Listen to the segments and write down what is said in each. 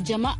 والجماعة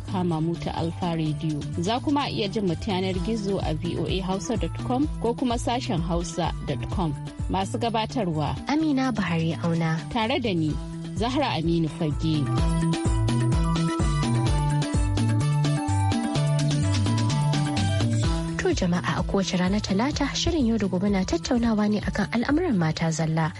kama mu ta Alfa Radio. Za kuma iya jin mu yanar gizo a voahausa.com ko kuma sashen hausa.com. Masu gabatarwa Amina Buhari Auna. Tare da ni, Zahra Aminu Fage. yau jama'a a kowace rana talata shirin yau da gobe na tattaunawa ne akan al'amuran mata zalla.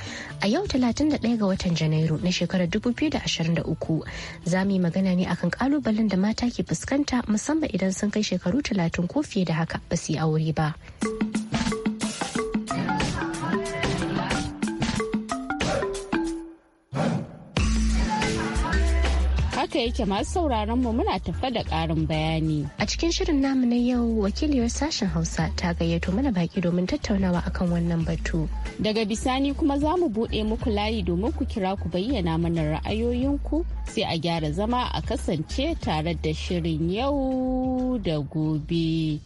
A yau ɗaya ga watan Janairu na shekarar dubu biyu da 2023 za mu yi magana ne akan kalubalen da mata ke fuskanta musamman idan sun kai shekaru talatin ko fiye da haka ba su yi aure ba. haka yake masu sauraron mu muna tafa da ƙarin bayani. A cikin shirin namu na yau wakiliyar sashen Hausa ta gayyato mana baki domin tattaunawa akan wannan batu. Daga bisani kuma za mu buɗe muku layi domin ku kira ku bayyana mana ra'ayoyinku sai a gyara zama a kasance tare da shirin yau da gobe.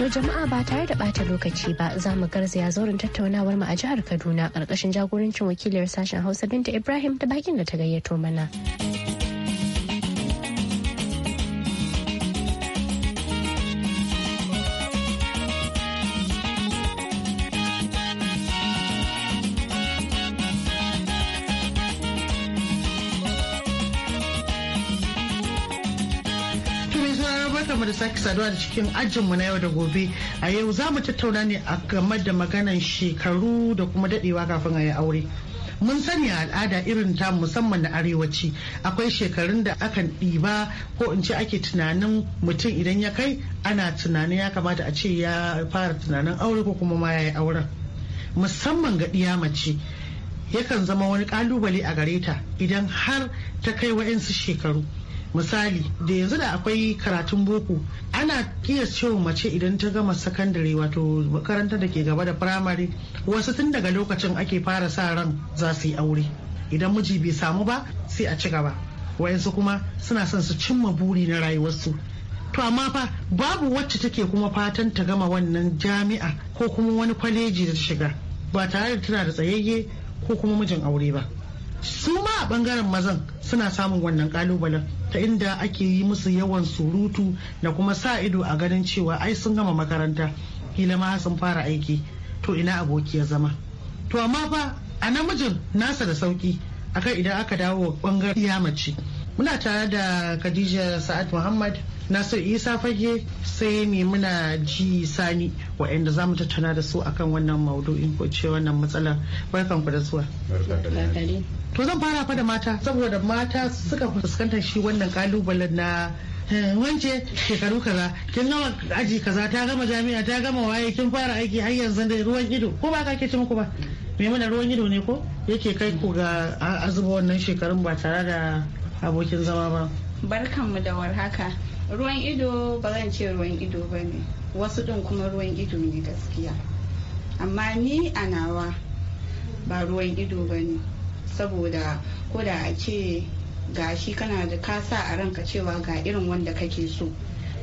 To jama'a ba tare da bata lokaci ba za mu garzaya zauren tattaunawar mu a jihar Kaduna karkashin jagorancin wakiliyar sashen Hausa Binta Ibrahim da bakin da ta gayyato mana. saduwa da cikin ajinmu na yau da gobe a yau za mu tattauna ne a game da maganan shekaru da kuma dadewa kafin a yi aure mun sani a al'ada irin ta musamman na arewaci akwai shekarun da akan ɗiba ko in ce ake tunanin mutum idan ya kai ana tunanin ya kamata a ce ya fara tunanin aure ko kuma ma ya yi auren musamman ga ɗiya mace yakan zama wani ƙalubale a gare ta idan har ta kai wa'insu shekaru misali da yanzu da akwai karatun boko ana iya cewa mace idan ta gama sakandare wato makarantar da ke gaba da firamare wasu tun daga lokacin ake fara sa ran za su yi aure idan miji bai samu ba sai a ci gaba wayansu kuma suna son su cimma buri na rayuwarsu to amma fa babu wacce take kuma fatan ta gama wannan jami'a ko kuma wani kwaleji da ta shiga ba tare da tana da tsayayye ko kuma mijin aure ba su ma a bangaren mazan suna samun wannan kalubalen ta inda ake yi musu yawan surutu da kuma sa ido a ganin cewa ai sun gama makaranta kila ma sun fara aiki to ina aboki ya zama to amma fa a namijin nasa da sauki akan idan aka dawo bangaren ya mace muna tare da khadija sa'ad muhammad Nasir Isa fage sai ne muna ji sani waɗanda za mu tattauna da su akan wannan maudu'in ko ce wannan matsalar barkan ku da zuwa. To zan fara fa da mata saboda mata suka fuskantar shi wannan kalubalen na eh, wance shekaru kaza kin gama aji kaza ta gama jami'a ta gama waye kin fara aiki har yanzu da ruwan ido ko ba ka ke ci muku ba me mana ruwan ido ne ko yake kai ku ga azuba wannan shekarun ba tare da abokin zama ba barkanmu da warhaka ruwan ido ba zan ce ruwan ido ba ne wasu ɗin kuma ruwan ido ne gaskiya amma ni a nawa ba ruwan ido ba ne saboda ko da a ce ga shi kana da kasa a ranka cewa ga irin wanda kake so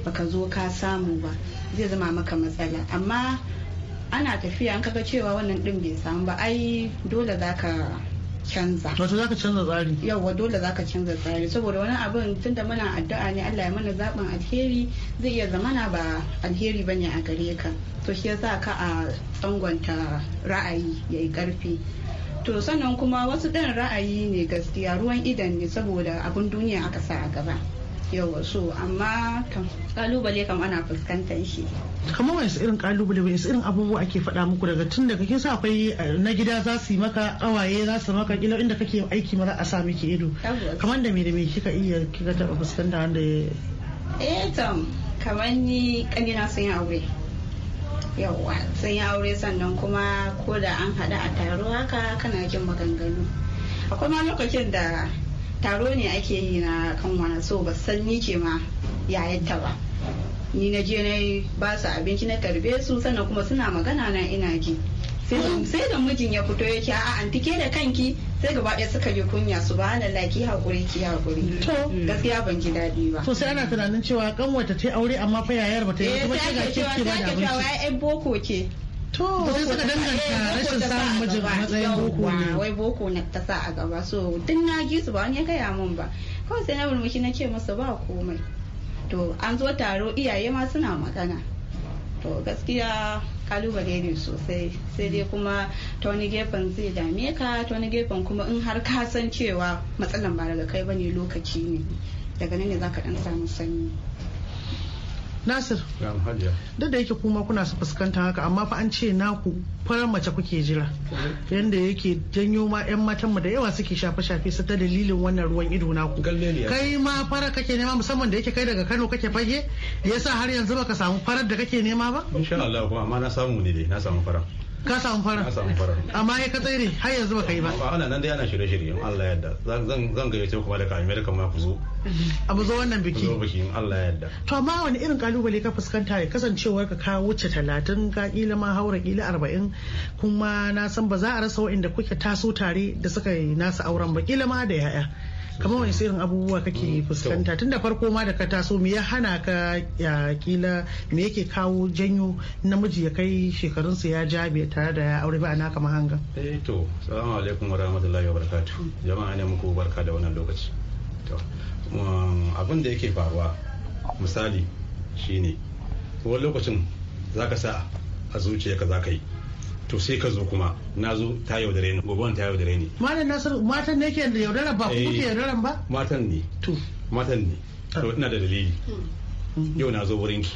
baka zo ka samu ba zai zama maka matsala amma ana tafiya an kaga cewa wannan ɗin bai samu ba ai dole za ka. canza wato ka canza tsari yawa dole zaka canza tsari saboda wani abin da muna addu'a ne Allah ya mana zaɓin alheri zai iya zamana ba alheri bane a gare ka to shi yasa ka a tsangwanta ra'ayi ya yi karfi to sannan kuma wasu ɗan ra'ayi ne gaskiya ruwan idan ne saboda abin duniya aka sa a gaba yawa so amma kalubale kam ana fuskantar shi kamar wani irin kalubale wani irin abubuwa ake faɗa muku daga tun daga kin sa akwai eh, na gida za su yi maka kawaye za su maka kila inda kake aiki mara a sa miki ido kamar da me da me kika iya kika taɓa fuskanta wanda eh tam kamar ni kanina sun yi aure yawa sun yi aure sannan kuma ko da an haɗu a taro haka kana jin maganganu akwai ma lokacin da taro ne ake yi na wani so ba san ni ke ma yayarta ba ni na je na ba su abinci na tarbe su sannan kuma suna magana na ina ji sai da mijin ya fito ya ke a an da kanki sai gaba ɗaya suka yi kunya su ba na ki haƙuri ki haƙuri to mm, gaskiya ban ji daɗi ba to sai ana tunanin cewa wata ta aure amma fa yayar ba ta yi ba eh, ta ga kike ba da abinci eh sai ake cewa ai boko ce To suka danganta rashin samun matsayin boko ne. Wai boko na ta sa a gaba so duk na ji su ba wani ya gaya min ba. Kawai sai na murmushi na ce masa ba komai. To an zo taro iyaye ma suna magana. To gaskiya kalubale ne sosai sai dai kuma ta wani gefen zai dame ka ta wani gefen kuma in har ka san cewa matsalan ba daga kai bane lokaci ne daga nan ne zaka dan samu sanyi. nasir duk da yake kuma kuna su fuskantar haka amma fa an ce naku farar mace kuke jira yanda yake janyo ma yan matan mu da yawa suke shafe shafe su ta dalilin wannan ruwan ido naku kai ma farar kake nema musamman da yake kai daga Kano kake fage yasa har yanzu baka samu farar da kake nema ba insha Allah amma na samu ne dai na samu farar ka samu fara ka amma ya ka tsere har yanzu baka yi ba ana nan dai ana shirye shirye in Allah yadda zan zan zan kuma da kamar America ma ku zo a mu zo wannan biki zo biki in Allah yadda. to amma wani irin kalubale ka fuskanta ya kasancewar ka ka wuce 30 ka kila ma haura kila 40 kuma na san ba za a rasa da kuke taso tare da suka yi nasu auren ba kila ma da yaya kamar wani irin abubuwa kake mm, fuskanta tun da farko ma da ka taso me ya hana ka ya kila me yake kawo janyo namiji ya kai shekarunsa ya ja bai tare da ya aure ba ana kamar hanga eh to salamu alaikum warahmatullahi wabarakatuh jama'a ne muku barka da wannan lokaci to um, abin da yake faruwa misali shine wani lokacin zaka sa a zuciyarka zaka yi to sai ka zo kuma na zo ta yaudare ni gobe ta yaudare ni malam nasar matan ne ke da yaudara ba ku ke eh, yaudaran ba matan ne to matan ne to ah. ina da dalili hmm. yau na zo wurin ki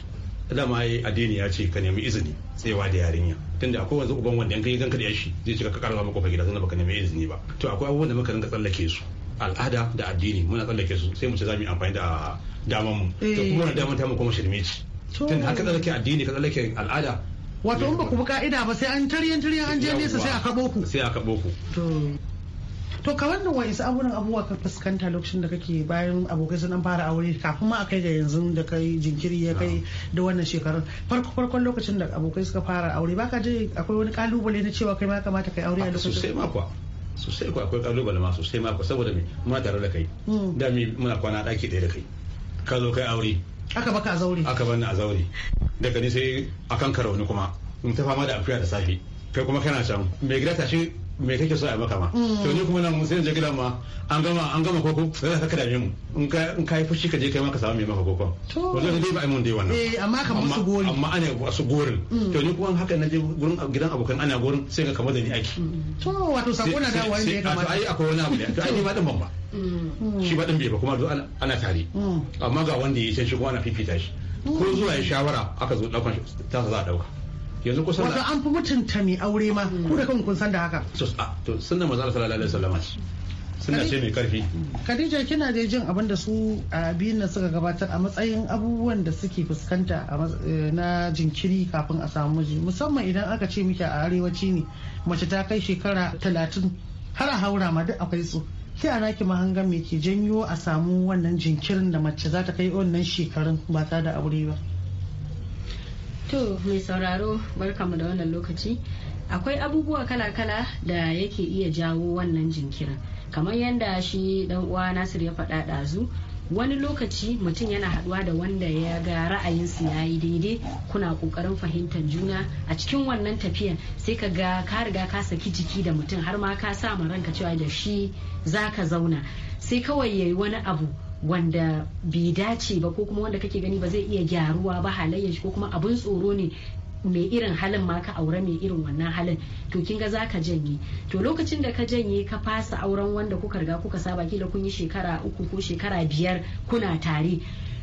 dama yi addini ya ce ka nemi izini tsayawa da yarinya tunda akwai wanzu uban wanda in kai ganka da shi zai ce ka karba maka gida sannan baka nemi izini ba to akwai abubuwan da muka rinka tsallake su al'ada da addini muna tsallake su sai mu ce za mu yi amfani da daman mu to kuma eh. wannan daman ta mu kuma shirme ce tun haka tsallake addini ka tsallake al'ada wato in ba ku bi ka'ida ba sai an tarihin tarihin an je nesa sai a kabo ku sai a kabo ku to ka wannan wa isa abunan abubuwa ka fuskanta lokacin da kake bayan abokai sun an fara aure kafin ma akai kai ga yanzu da kai jinkiri ya kai da wannan shekarun farko farkon lokacin da abokai suka fara aure baka je akwai wani kalubale na cewa kai ma kamata kai aure a lokacin sosai ma sosai kuwa akwai kalubale ma sosai ma saboda me muna tare da kai hmm. da mi muna kwana daki ɗaya da kai ka zo kai aure aka baka a zaure aka bani a zaure daga ni sai akan ka rauni kuma in ta fama da afiya da safe kai kuma kana can mai gida tashi me kake so a maka ma mm. to ni kuma nan sai in je gidan ma an gama an gama koko sai ka kada mu in ka in kai fushi ka je kai maka samu mai maka koko wallahi dai ba mun dai wannan eh amma kan musu gori amma ana wasu gori. Mm. to ni kuma haka na je gurin gidan abokan ana gurin sai ga kamar da ni aiki to wato sabona da wani ne kamar ai akwai wani abu da to ai ma dan ban ba Mm. shi ba ɗan bai ba kuma ana tare mm. amma ga wanda ya sai shi kuma ana fifita shi mm. ko zuwa ya shawara aka zo ɗaukan ta za a ɗauka yanzu kusan wato an fi mutunta mai aure ma ko da kanku kun san da haka ah, to sunna manzo Allah sallallahu alaihi wasallam suna ce mai karfi Khadija kina da jin abin da su a nan suka gabatar a matsayin abubuwan da suke fuskanta eh, na jinkiri kafin a samu miji musamman idan aka ce miki a arewaci ne mace ta kai shekara talatin har a haura ma duk akwai su sai a raki mahanga me ke janyo a samu wannan jinkirin da mace za ta kai wannan shekarun ba ta da aure ba to mai sauraro barkamu da wannan lokaci akwai abubuwa kala-kala da yake iya jawo wannan jinkirin kamar yadda shi dan uwa nasir ya faɗa ɗazu wani lokaci mutum yana haduwa da wanda ya ga ra'ayinsu ya yi daidai kuna kokarin fahimtar juna a cikin wannan tafiyan sai ka ga ka riga ka saki jiki da mutum har ma ka sa ma ranka cewa da shi za ka zauna sai kawai yayi wani abu wanda bai dace ba ko kuma wanda kake gani ba zai iya gyaruwa ba halayyar ko kuma abin tsoro ne mai irin halin ma ka aure mai irin wannan halin to kin ga zaka janye to lokacin da ka janye ka fasa auren wanda kuka riga kuka saba kila kun yi shekara uku ko shekara biyar kuna tare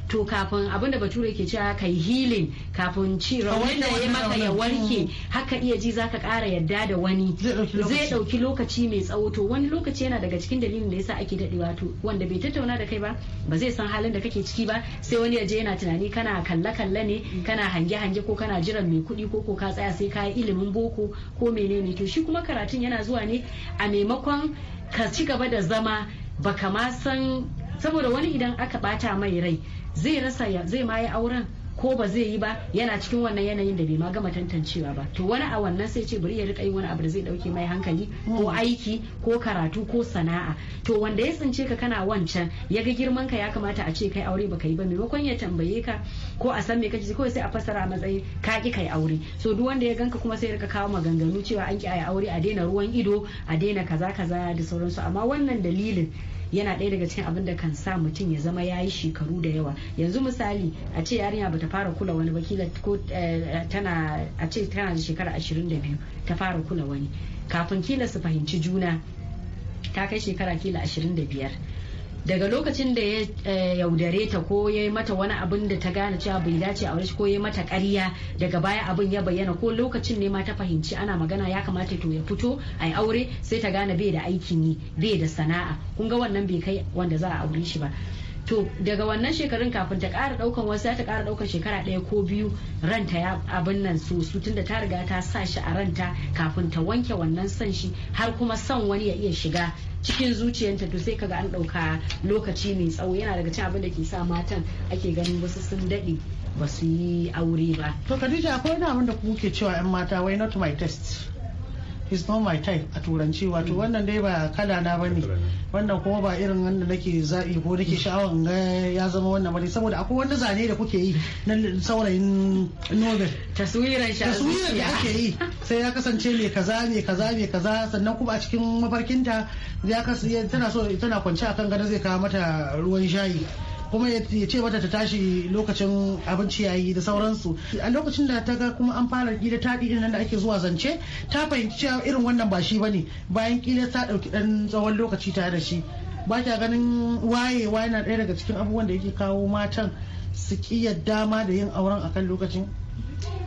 to kafin abin da bature ke cewa kai healing kafin ci raunin da ya maka ya warke haka iya ji zaka kara yadda da wani zai dauki lokaci mai tsawo to wani lokaci yana daga cikin dalilin da yasa ake dadewa to wanda bai tattauna da kai ba ba zai san halin da kake ciki ba sai wani ya je yana tunani kana kalle kalle ne kana hange hange ko kana jiran mai kuɗi ko ko ka tsaya sai ka ilimin boko ko menene to shi kuma karatun yana zuwa ne a maimakon ka ci gaba da zama baka ma san saboda wani idan aka bata mai rai zai rasa ya zai ma yi auren ko ba zai yi ba yana cikin wannan yanayin da bai ma gama tantancewa ba to wani a wannan sai ce bari ya rika yin wani abu da zai dauke mai hankali ko mm. aiki ko karatu ko sana'a to wanda ya tsince ka kana wancan ya ga girman ka ya kamata a ce kai aure baka yi ba maimakon ya tambaye ka ko a san me kake kawai sai a fassara matsayin ka ki kai aure so duk wanda ya ganka kuma sai ya rika kawo maganganu cewa an ki ayi aure a daina ruwan ido a daina kaza kaza da sauransu amma wannan dalilin yana ɗaya daga cikin abin da kan sa mutum ya zama ya yi shekaru da yawa yanzu misali a ce yarinya bata fara kula wani ba kila ko eh, tana a ce tana da shekara ashirin da biyu ta fara kula wani kafin kila su fahimci juna ta kai shekara kila ashirin da biyar. daga lokacin da ya eh, yaudare ta ko ya yi mata wani abin da ta gane cewa bai dace a ko ya yi mata ƙarya daga baya abin ya bayyana ko lokacin ne ma ta fahimci ana magana ya kamata to ya fito a yi aure sai ta gane bai da aikin yi bai da sana'a kun ga wannan bai kai wanda za a aure shi ba to daga wannan shekarun kafin ta kara ɗaukan wasu ta kara ɗaukan shekara ɗaya ko biyu ranta ya abin nan so su tunda ta riga ta sa shi a ranta kafin ta wanke wannan son shi har kuma son wani ya iya shiga cikin zuciyarta to sai kaga an ɗauka lokaci mai tsawo yana daga cikin abin da ke sa matan ake ganin wasu sun daɗe ba su yi aure ba. To Khadija akwai wani abin da kuke cewa 'yan mata wai not my test. is not my type a turanci wato mm. wannan dai ba kala na bane wannan kuma ba irin wanda nake zabi ko nake mm. sha'awa in ga ya zama wannan bane saboda akwai wani zane da kuke yi na saurayin Nobel taswirar shi taswirar da ake yi sai ya kasance mai kaza mai kaza mai kaza sannan kuma a cikin mafarkinta ya tana so tana kwance akan gado zai kawo mata ruwan shayi kuma ya ce mata ta tashi lokacin abinci yayi da sauransu a lokacin da ta ga kuma an fara gida ta ɗin nan da ake zuwa zance ta fahimci cewa irin wannan ba shi ba ne bayan kila ta ɗauki ɗan tsawon lokaci tare da shi ba ta ganin wayewa yana ɗaya daga cikin abubuwan da yake kawo matan su ƙi dama da yin auren akan lokacin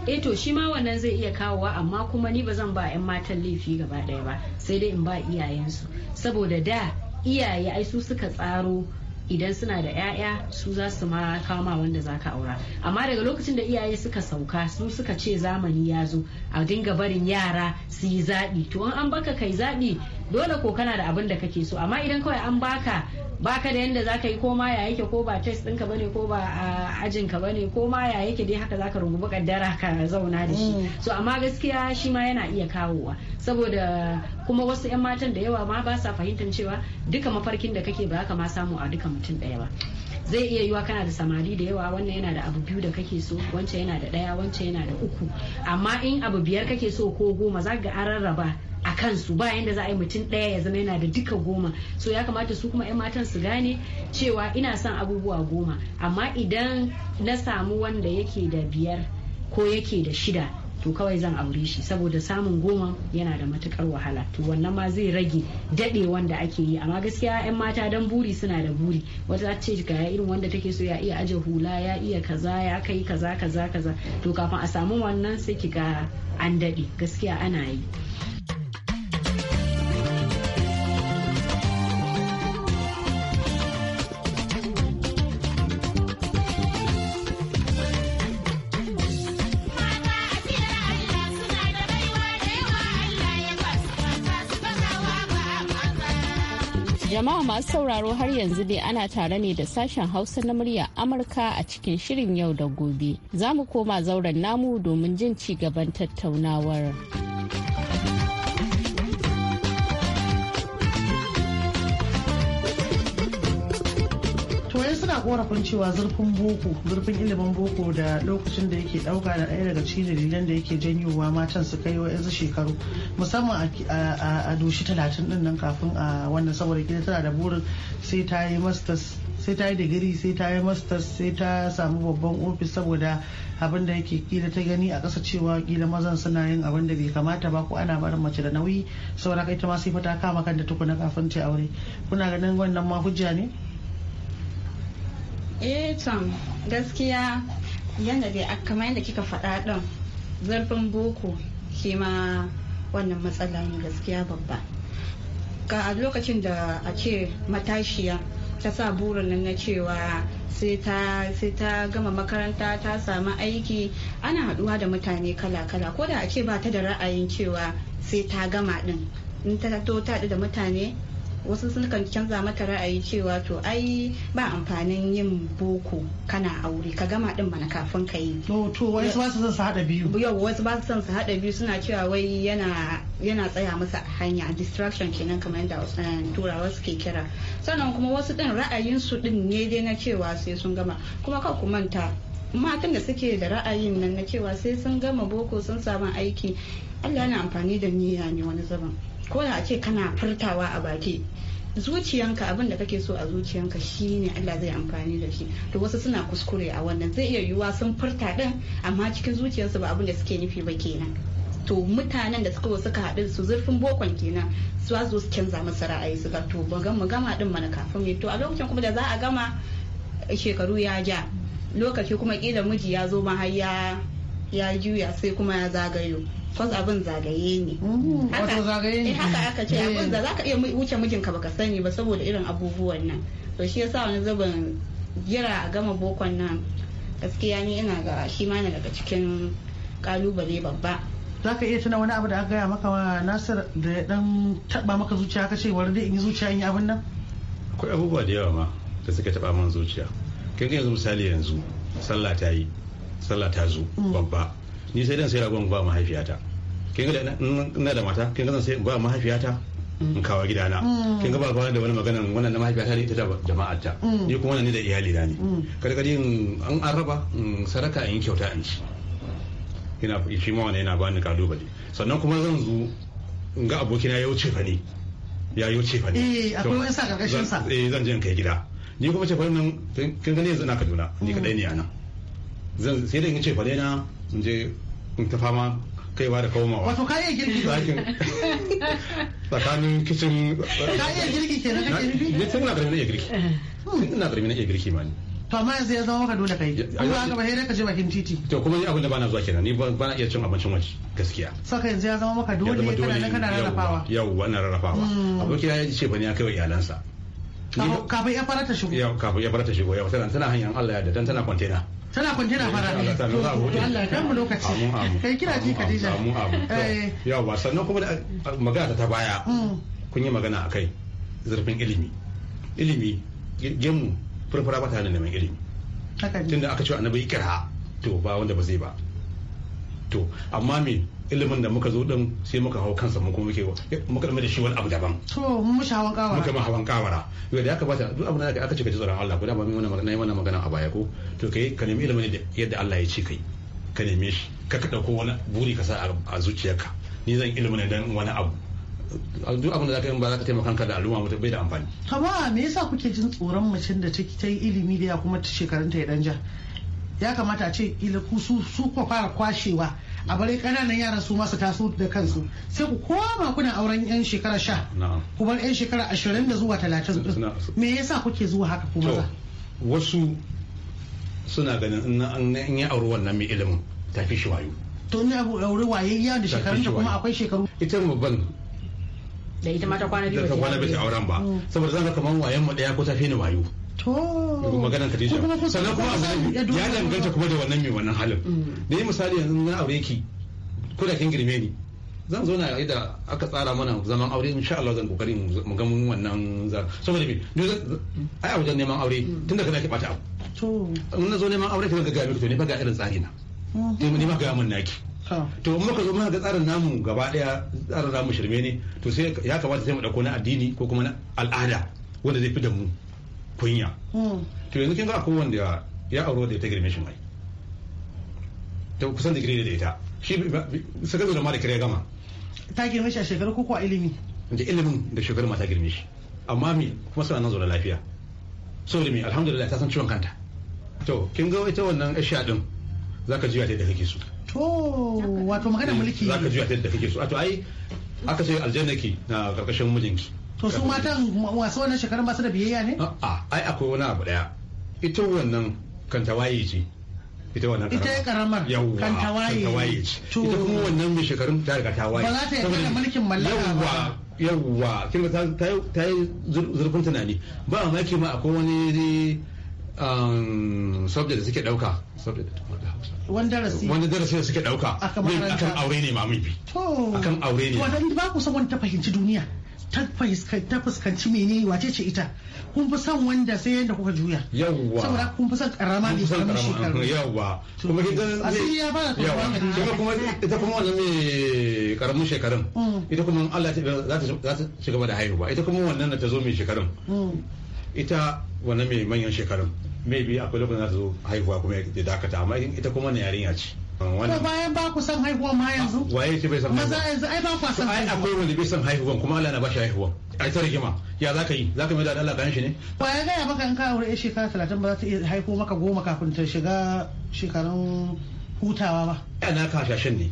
eh to shi ma wannan zai iya kawowa amma kuma ni ba zan ba 'yan matan laifi gaba ɗaya ba sai dai in ba iyayensu saboda da iyaye ai su suka tsaro idan suna da 'ya'ya su za su ma kama wanda za ka aura amma daga lokacin da iyaye suka sauka su suka ce zamani ya zo a dinga barin yara su yi zaɓi to an baka kai zaɓi dole ko kana da abin da kake so amma idan kawai an baka baka da yanda zaka yi ko ya yake ko ba test ɗinka bane ko ba ajin ka bane ko ma ya yake dai haka zaka rungumi kaddara ka zauna da shi mm. so amma gaskiya shi ma yana iya kawowa saboda kuma wasu 'yan matan da yawa ma ba sa fahimtar cewa duka mafarkin da kake ba ka ma samu a duka mutum ɗaya ba zai iya yiwa kana da samari da yawa wannan yana da abu biyu da kake so wancan yana da ɗaya wancan yana da uku amma in abu biyar kake so ko goma za ga an rarraba kansu ba yanda za a yi mutum ɗaya ya zama yana da duka goma so ya kamata su kuma 'yan matan su gane cewa ina son abubuwa goma amma idan na samu wanda yake da biyar ko yake da shida to kawai zan aure shi saboda samun goma yana da matukar wahala to wannan ma zai rage dade wanda ake yi amma gaskiya yan mata dan buri suna da buri wata za ce ga irin wanda take so ya iya aje hula ya iya kaza ya kai kaza kaza kaza to kafin a samu wannan sai ki ga an dade gaskiya ana yi Jama'a masu sauraro har yanzu dai ana tare ne da sashen Hausa na murya Amurka a cikin shirin yau da gobe. Za mu koma zauren namu domin jin ci gaban tattaunawar. korafin cewa zurfin boko zurfin ilimin boko da lokacin da yake dauka da daya daga cikin dalilan da yake janyowa matan su kai wa'yansu shekaru musamman a doshi talatin din nan kafin a wannan saboda gida tana da burin sai ta yi masters sai ta yi digiri sai ta yi masters sai ta samu babban ofis saboda abin da yake kila ta gani a kasa cewa kila mazan suna yin abin da bai kamata ba ko ana barin mace da nauyi saboda ita ma sai fa ta kama kanta tukuna kafin ta aure kuna ganin wannan ma hujja ne eh gaskiya yadda dai kamar yadda kika faɗa ɗin zurfin boko shi ma wannan matsala ne gaskiya babba ga a lokacin da a ce matashiya ta sa burin nan na cewa sai ta gama makaranta ta samu aiki ana haɗuwa da mutane kala-kala ko da a ce ba ta da ra'ayin cewa sai ta gama ɗin in ta to ta da mutane wasu sun kan canza maka ra'ayi cewa to ai ba amfanin yin boko kana aure ka gama din mana kafin ka yi to wasu ba su son su hada biyu yau wasu ba su son su hada biyu suna cewa wai yana yana tsaya masa a hanya distraction kenan kamar yadda eh, turawa suke kira sannan kuma wasu din ra'ayin su din ne dai na cewa sai sun gama kuma ka ku manta matan da suke da ra'ayin nan na cewa sai sun gama boko sun samu aiki Allah yana amfani da niyya ne wani zaman ko da a ce kana furtawa a baki zuciyanka abin da kake so a zuciyanka ne Allah zai amfani da shi to wasu suna kuskure a wannan zai iya yiwuwa sun furta din amma cikin zuciyarsu ba abin da suke nufi ba kenan to mutanen da suka zo suka haɗu su zurfin bokon kenan su zo su canza masa ra'ayi su ga to mu gama din mana kafin to a lokacin kuma da za a gama shekaru ya ja lokaci kuma kila miji ya zo ma har ya juya sai kuma ya zagayo kwas abin zagaye ne mm. wato zagaye ne eh, haka aka ce abin eh. da zaka iya wuce mijinka baka sani ba saboda irin abubuwan nan to shi yasa wani zubin jira a gama bokon nan gaskiya ni ina ga shi ma daga cikin kalubale babba za ka iya tuna wani abu da aka gaya maka wa nasir da ya dan taba maka zuciya ka ce wani dai in yi zuciya in yi abin nan akwai abubuwa da yawa ma da suka taba man zuciya kai yanzu misali yanzu sallah ta yi sallah ta zo mm. babba ni sai dan sai ragon ba mahaifiyata kin ga ina da mata kin ga sai ba mahaifiyata in kawo gidana mm. kin ga ba ba da wani magana wannan na mahaifiyata ne ita da jama'a ta mm. ni kuma wannan ne da iyali na ne mm. kada an an raba sadaka in kyauta in ci ina shi ma wannan yana bani kalubale sannan kuma zan zo in ga abokina ya wuce fa ne ya yi wuce fa ne eh akwai wani sa karkashin sa eh zan je in kai gida ni kuma ce fa nan kin ga ne yanzu ina Kaduna ni kadai ne a nan zan sai da in ce fa na in je in ta fama kaiwa da komawa wato ka iya girki tsakanin kicin ka iya girki ke na kake nufi ne tun na garmi na iya girki tun na garmi na iya girki ma ni to amma yanzu ya zama ka dole kai kuma haka ba sai ka je bakin titi to kuma ni abin da bana zuwa kenan ni bana iya cin abincin waje gaskiya saka yanzu ya zama maka dole kana kana rarrafawa yau wannan rarrafawa hmm. aboki ya ce ba ne ya kai wa iyalansa kafin ya fara ta shigo yau kafin ya fara ta shigo yau tana hanyar Allah ya da dan tana kwantena tana kwantena fara ne to Allah dan mu lokaci kai kira ji Khadija amu amu eh. yau ba sannan kuma magana ta baya mm. kun yi magana akai zurfin ilimi ilimi gemu furfura ba ta da neman ilimi tunda aka ce annabi ikra to ba wanda ba zai ba to amma me ilimin da muka zo din sai muka hau kansa mu kuma muke muka da shi wani abu daban to mun mushi hawan kawara muka ma hawan kawara yau da aka bata duk abin da aka ce ka ji tsoron Allah guda ba mun wannan magana wannan magana a baya ko to kai ka nemi ilimin yadda Allah ya ce kai ka neme shi ka ka dauko wani buri ka sa a zuciyarka ni zan ilimin dan wani abu duk abin da zaka yi ba zaka taimaka kanka da al'umma mutum bai da amfani. ba me yasa kuke jin tsoron macen da ta yi ilimi da ya kuma shekarunta ya danja? Ya kamata a ce ila ku su ku fara kwashewa a bari kananan yaran su masu taso da kansu sai ku koma kuna auren yan shekara sha ku bar yan shekara ashirin da zuwa talatin me yasa kuke zuwa haka ku maza wasu suna ganin in ya auri wannan mai ilimin tafi shi wayo to ni abu aure wayayya da shekaru da kuma akwai shekaru ita ban da ita ma ta kwana biyu ta kwana biyu auren ba mm. saboda zan ga kamar wayen mu daya ko tafi ni wayo to maganar Khadija sannan kuma a ya danganta kuma da wannan mai wannan halin mm. da yi misali yanzu na aure ki ko da kin girme ni zan zo na yi da aka tsara mana zaman aure insha Allah zan kokari mu ga mun wannan zan saboda me ai a wajen neman aure mm. tunda kana ki bata abu to in na zo neman aure ki ga ga to ne ba ga irin tsari na mm. ne ma ga mun naki to in muka zo muka ga tsarin namu gaba daya tsarin namu shirme ne to sai ya kamata sai mu dauko na addini ko kuma na al'ada wanda zai fi da mu kunya hmm. to yanzu kin ga ko wanda ya auro da ita girme shi mai to kusan digiri da ita shi sakandare da ma da kare gama ta girme shi a shekaru ko a ilimi da ilimin da shekaru ma ta girme shi amma me kuma suna nan da lafiya saboda me alhamdulillah ta san ciwon kanta to kin ga ita wannan ashiya din zaka juya ta da kake so to wato magana mulki zaka juya ta da kake so wato ai aka ce aljanna ki na karkashin mijinki to su matan masu wannan shekarun ba su da biyayya ne a ai akwai wani abu daya ita wannan kan tawaye ce ita wannan karamar ita karamar yawwa kan tawaye ce ita kuma wannan mai shekarun ta riga tawaye ba za ta yi da mulkin mallaka ba yawwa kin ta yi zurfin tunani ba a maki ma akwai wani um, subject da suke dauka wani darasi wani darasi da suke dauka akan aure ne ma mun bi akan aure ne wadanda ba ku san wani ta fahimci duniya ta fuskanci mene wace ce ita kun fi son wanda sai yadda kuka juya yawwa saboda kun fi son karama ne karamin shekaru yawwa kuma ita asiri ya fara kuma ita kuma ita kuma wannan mai karamin shekarun mm. ita kuma Allah za ta shiga da haihuwa ita kuma wannan da ta zo mai shekarun mm. ita wannan mai manyan shekarun maybe akwai lokacin za ta zo haihuwa kuma ya dakata amma ita kuma na yarinya ce to bayan ba ku san haihuwa ma yanzu ah, waye ce bai san haihuwa maza yanzu ai ba ku san ai akwai wanda bai san haihuwa kuma Allah na ba shi haihuwa ai ta rigima ya zaka yi zaka ka mai da Allah ganin shi ne waye ga ya maka in ka aure shekara 30 ba za ta iya haihu maka goma kafin ta shiga shekarun hutawa ba ana ka shashin ne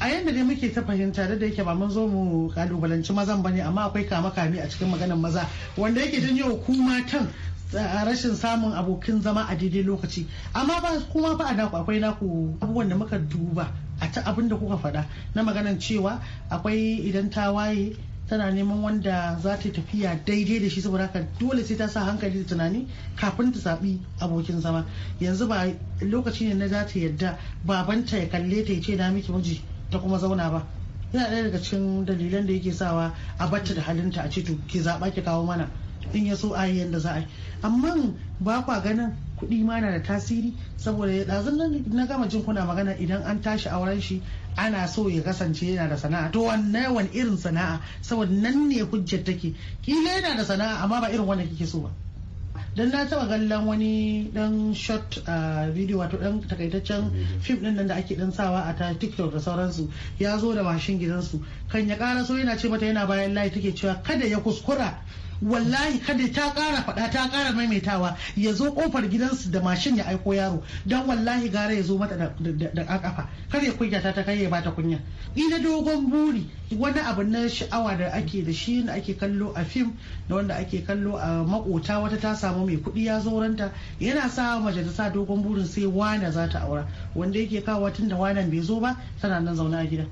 a yadda dai muke ta fahimta da yake ba mun zo mu kalubalanci mazan ba ne amma akwai kama kame a cikin maganar maza wanda yake janyo ku matan rashin samun abokin zama a daidai lokaci amma ba kuma ba a naku akwai naku abubuwan da muka duba a ta abin da kuka faɗa na maganan cewa akwai idan ta waye tana neman wanda za ta tafiya daidai da shi saboda haka dole sai ta sa hankali da tunani kafin ta zaɓi abokin zama yanzu ba lokaci ne na za ta yadda babanta ya kalle ta ya ce na miki miji ta kuma zauna ba yana ɗaya daga cikin dalilan da yake sawa a batta da halinta a ce to ki zaɓa ki kawo mana in ya so a yi yadda za a yi amma ba kwa ganin kuɗi ma na da tasiri saboda ya ɗazun nan na gama jin kuna magana idan an tashi auren shi ana so ya kasance yana da sana'a to wannan wani irin sana'a saboda nan ne hujjar take kila yana da sana'a amma ba irin wanda kike so ba dan na taba gallan wani dan short video wato dan takaitaccen fim din nan da ake dan sawa a tiktok da sauransu ya zo da mashin gidansu kan ya kara so yana ce mata yana bayan layi take cewa kada ya kuskura wallahi kada ta kara faɗa ta kara maimaitawa ya zo kofar gidansu da mashin ya aiko yaro don wallahi gara ya zo mata da kakafa kada ya kunya ta kai ya bata kunya ina dogon buri wani abu na sha'awa da ake da shi da ake kallo a fim da wanda ake kallo a makota wata ta samu mai kuɗi ya zo yana sa majalisa ta dogon burin sai wana za ta aura wanda yake kawo tun da wanan bai zo ba tana nan zaune a gida.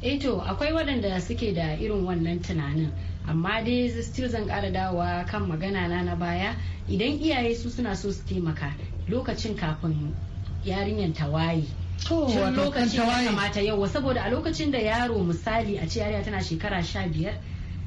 eto eh akwai waɗanda suke da irin wannan tunanin amma dai still zan kara dawowa kan magana na na baya idan iyaye su suna so su taimaka lokacin kafin yarinyar ta waye lokacin ya kamata yau saboda a lokacin da yaro misali a ce yarinya tana shekara sha biyar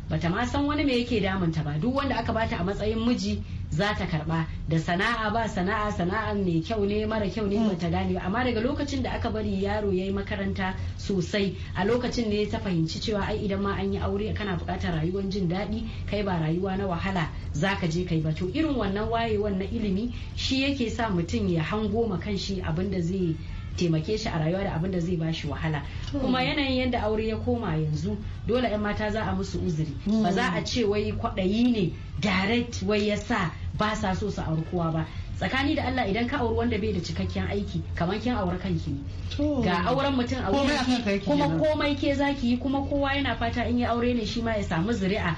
bata ma san wani me yake damunta ba duk wanda aka bata a matsayin miji za ta karba da sana'a ba sana'a sana'a mai kyau ne mara kyau ne bata gane ba amma daga lokacin da aka bari yaro yayi makaranta sosai a lokacin ne ta fahimci cewa ai idan ma an yi aure kana bukatar rayuwar jin daɗi kai ba rayuwa na wahala zaka je kai ba to irin wannan wayewan na ilimi shi yake sa mutum ya hango ma kanshi abin da zai taimake shi a rayuwa da abin da zai bashi wahala kuma yanayin yadda aure ya koma yanzu dole 'yan mata za a musu uzuri ba za a ce wai kwaɗayi ne direct wai ya sa ba sa so su auri kowa ba tsakani da Allah idan ka auri wanda bai da cikakken aiki kamar kin auri kanki ne ga auren mutum a wurin kuma komai ke zaki yi kuma kowa yana fata in ya aure ne shi ma ya samu zuri'a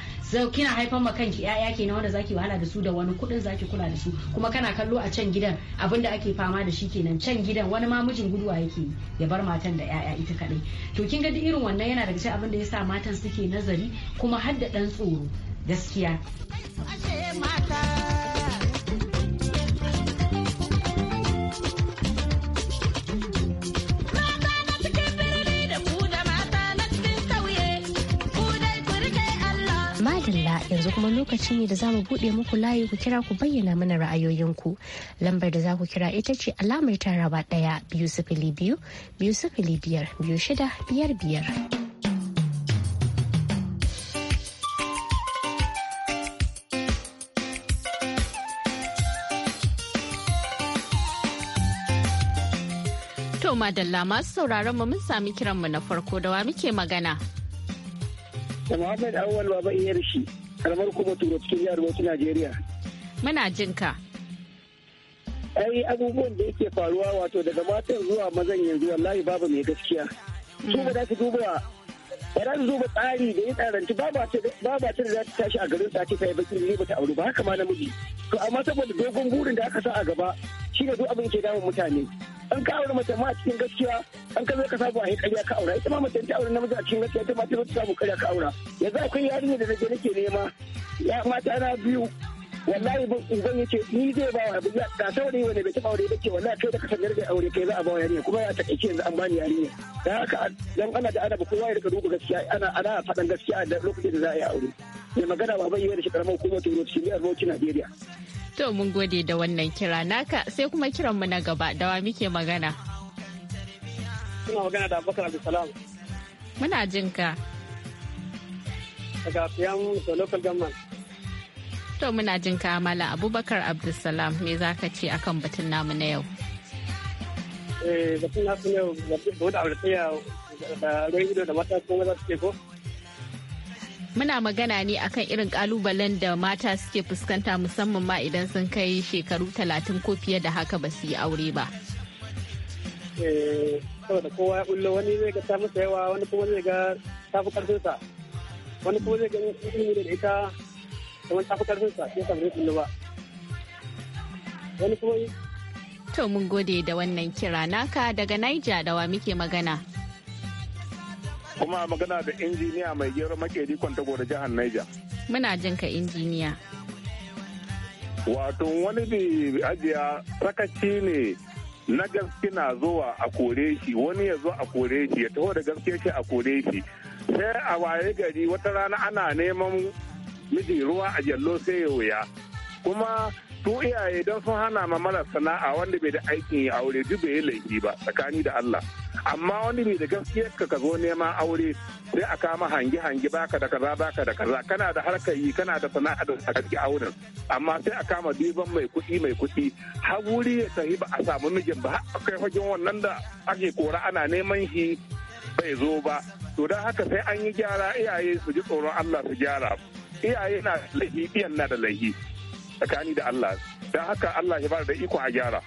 kina haifan ma kanki yaya kenan wanda zaki wahala da su da wani kudin zaki kula da su kuma kana kallo a can gidan abinda ake fama da shi kenan can gidan wani ma mijin guduwa yake ya bar matan da yaya ita kadai to kin ga duk irin wannan yana daga cikin abinda da yasa matan suke nazari kuma har da dan tsoro gaskiya mata yanzu kuma lokaci ne da za mu buɗe muku layi ku kira ku bayyana mana ra'ayoyinku lambar da za ku kira ita ce alamar taraba ɗaya biyu sifili biyu biyu sifili biyar biyu shida biyar biyar. To madalla masu sauraron mu mun sami kiranmu na farko da wa muke magana. Da Muhammad Awal Baba Iyarshi. karamar kuma turo cikin jihar wasu najeriya muna jin ai abubuwan da yake faruwa wato daga matan zuwa mazan yanzu wallahi babu mai gaskiya su ba za su duba ba za su duba tsari da ya tsaranci ba ba ta da za ta tashi a garin sa ce ta yi ne ba ta auri ba haka ma namiji to amma saboda dogon burin da aka sa a gaba shi ne duk abin ke damun mutane an ka aure mace ma a cikin gaskiya an ka zai ka sabu a yi karya ka aura ita ma mace ta aure namiji a cikin gaskiya ita ma ta zai sabu karya ka aura yanzu akwai yarinya da nake nake nema ya mata na biyu wallahi ban uban yace ni zai ba wa abin da ta wani wani bai taba aure ke wallahi kai da ka sanar da aure kai za a ba wa yarinya kuma ya kike yanzu an bani yarinya dan haka dan ana da adabi kowa ya rika duba gaskiya ana ana faɗan gaskiya da lokacin da za a yi aure mai magana ba bai yi da shi karamar hukumar turai shi ne a Najeriya To mun gode da wannan kira naka sai kuma kiran mu na gaba da wa muke magana. Muna magana da Abubakar Abdulsalam. Muna jin ka. Daga Fiyam da Local Government. To muna jin ka Mala Abubakar Abdulsalam me za ka ce akan batun namu na yau? Eh batun yau, ne da wata abu da da ruwan ido da mata kuma za su ce ko? muna magana ne akan irin kalubalen da mata suke fuskanta musamman ma idan sun kai shekaru talatin ko fiye da haka ba su yi aure ba. Eh, saboda kowa ya bullo wani zai ga ta masa yawa wani kuma zai ga ta fi karfinsa wani kuma zai ga ilimi da ita kamar ta fi karfinsa ya samu zai bullo ba wani kuma To mun gode da wannan kira naka daga Niger da wa muke magana. kuma magana da injiniya mai gero makeri kwanta gore jihar Niger. Muna jin ka injiniya. Wato wani bi ajiya sakaci ne na gaske na zuwa a kore shi wani ya zo a kore shi ya taho da gaske shi a kore shi sai a waye gari wata rana ana neman miji ruwa a jallo sai ya wuya kuma su iyaye don sun hana ma mara sana'a wanda bai da aikin ya aure duk bai yi laifi ba tsakani da Allah. amma wani mai da gaskiyar ka zo neman aure sai a kama hangi hangi baka da kaza baka da kaza kana da harkar yi kana da sana'a da sakaki auren amma sai a kama diban mai kuɗi mai kuɗi har wuri ya tafi ba a samu mijin ba har kai fagen wannan da ake kora ana neman shi bai zo ba to don haka sai an yi gyara iyaye su ji tsoron Allah su gyara iyaye na da laifi iyan na da laifi tsakani da Allah don haka Allah ya bada da iko a gyara.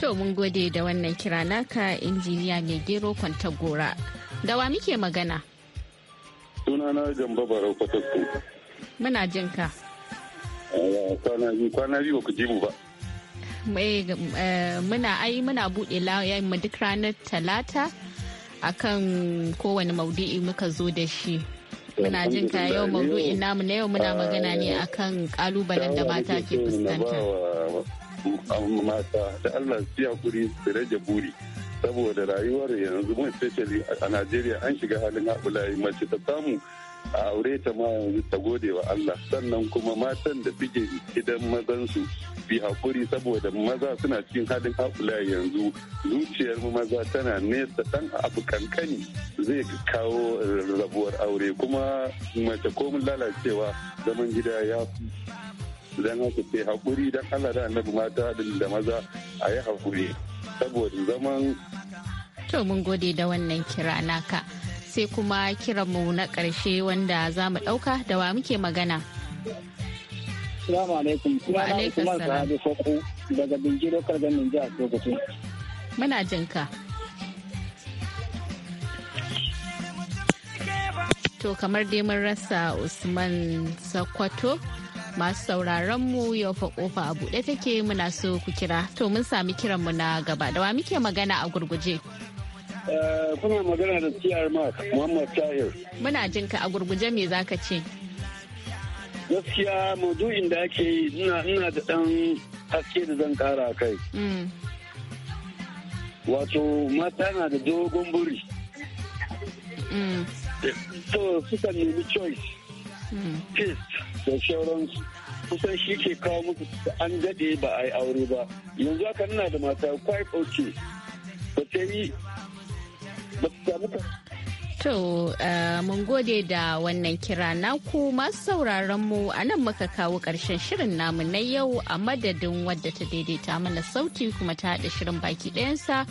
To mun gode da wannan kira naka injiniya mai gero kwantagora. Da wa muke magana? Sunana Jamba Barau Fatasku. Muna jin ka. Kwana biyu ba ku ji mu ba. Eh, muna ai muna buɗe layan mu duk ranar talata akan kowane maudu'i muka zo da shi. muna jin ka yau maudu'in namu na yau muna magana ne ah, akan kalubalen da mata ke fuskanta. mata da Allah su hakuri su rage buri saboda rayuwar yanzu mun especially a Najeriya an shiga halin haɓulayi mace ta samu a aure ta ma yanzu ta gode wa Allah sannan kuma matan da idan mazan su fi hakuri saboda maza suna cikin halin haɓulayi yanzu zuciyar maza tana nesa dan abu kankani zai kawo rabuwar aure kuma mace mun lalacewa zaman gida ya don haka sai haƙuri don Allah da annabi mata da maza a yi haƙuri saboda zaman. To mun gode da wannan kira naka sai kuma kiranmu na ƙarshe wanda za mu ɗauka da wa muke magana. Assalamu alaikum. Wa alaikum salam. daga Binji Lokar Ninja a Sokoto. Muna jinka. To kamar dai mun rasa Usman Sakwato masu sauraron mu yau fa kofa a buɗe take muna so ku kira to mun sami kiran mu na gaba da wa muke magana a gurguje eh, kuna magana da cr mark muhammad tahir muna jin ka a gurguje me zaka ce gaskiya maudu'in da ake yi ina da dan haske da zan kara kai mm. wato mata na da dogon buri mm. so suka nemi choice mm. peace da shauransu kusan shi ke kawo musu an gade ba a yi aure ba yanzu aka nuna da mata quite okay ba ta yi ba ta samu To, eh, mun gode da wannan kira naku masu sauraron mu a nan muka kawo ƙarshen shirin namu na yau a madadin wadda ta daidaita mana sauti kuma ta haɗa shirin baki ɗayansa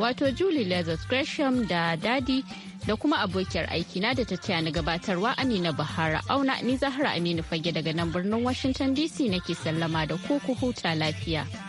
wato Julie Lazarus Gresham da Dadi da kuma abokiyar aikina da ta taya na gabatarwa Amina Bahara Auna ni Zahra Aminu Fage daga nan birnin Washington DC nake sallama da ku ku huta lafiya.